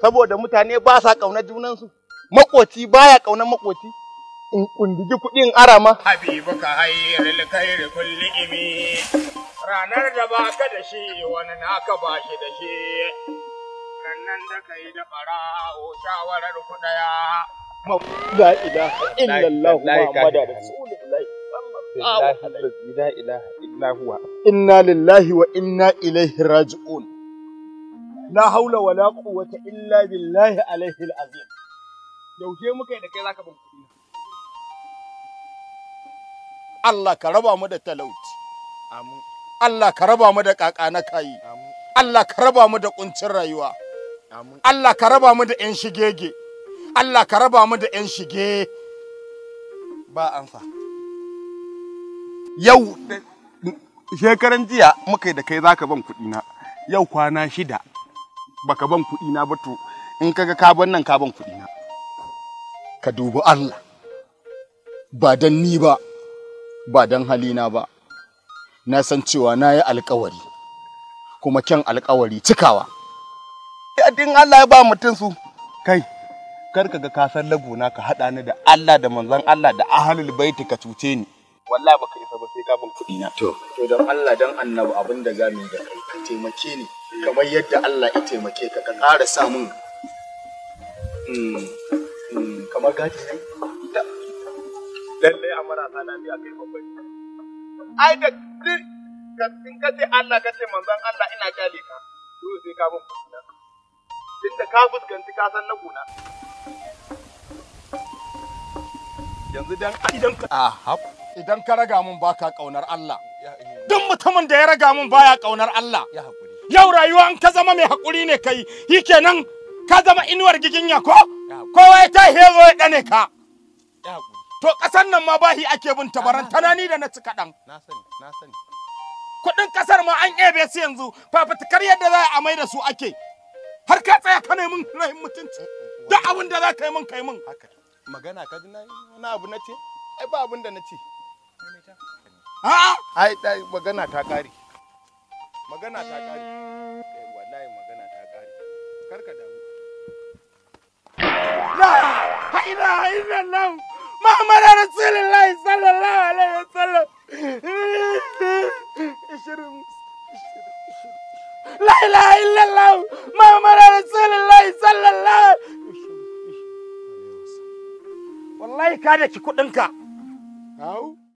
saboda mutane ba sa ƙaunar junansu makoci baya ƙaunar makoci in kundigi kuɗin arama habibu ka hayyar kairi kulli imi ranar da ba ka da shi wani naka ba shi da shi Sannan da kai da o shawarar ku daya la ilaha illallah muhammadu rasulullahi la ilaha illa huwa inna lillahi wa inna ilaihi raji'un la haula wala quwwata illa billahi alaihi alazim dauke muka yi da kai zaka ban kuɗi Allah ka raba mu da talauci amin Allah ka raba mu da kakana kai amin Allah ka raba mu da kuncin rayuwa amin Allah ka raba mu da yan shigege Allah ka raba mu da yan shige ba amsa yau shekaran jiya muka yi da kai zaka ban kuɗi na yau kwana shida baka ban kuɗi na ba to in kaga ka ban nan ka ban kuɗi na ka dubi Allah ba dan ni ba ba dan halina ba na san cewa na yi alkawari kuma kyan alkawari cikawa eh, din Allah ya ba mutum su kai kar ka ga kasar laguna ka haɗa ni da Allah da manzon Allah da ahlul baiti ka cuce ni wallahi baka isa ba sai ka ban kuɗi na to to dan Allah dan annabi abin da zamu yi da kai ka taimake ni kamar yadda Allah ya taimake ka ka ƙara sa mun hmm, hmm, kamar gaji ne lallai a marasa lafiya kai babban ai da in ka ce Allah ka ce manzon Allah ina kyale ka dole sai ka bin kuna duk da ka fuskanci ka san na kuna yanzu dan idan ka a ah, idan ka raga mun baka kaunar Allah eh. duk mutumin da ya raga mun baya kaunar Allah ya yau rayuwa an ka zama mai haƙuri ne kai yi kenan ka zama inuwar giginya ko kowa ya ta hezo ya ɗane ka to ƙasar nan ma bahi ake bin tabaran tanani da na ci kaɗan kuɗin ƙasar ma an ebe su yanzu fafutukar yadda za a mai da su ake har ka tsaya ka nemi rahin mutunci duk abin da za ka yi min kai min magana ka ji na wani abu na ce ai ba abin da na ce a'a ai magana ta kare magana ta kare eh, wallahi magana ta kare kar ka damu la ilaha nan muhammad rasulullahi sallallahu alaihi wasallam ishirin la ilaha illallah muhammad rasulullahi sallallahu alaihi wasallam wallahi kada ki kudin ka hau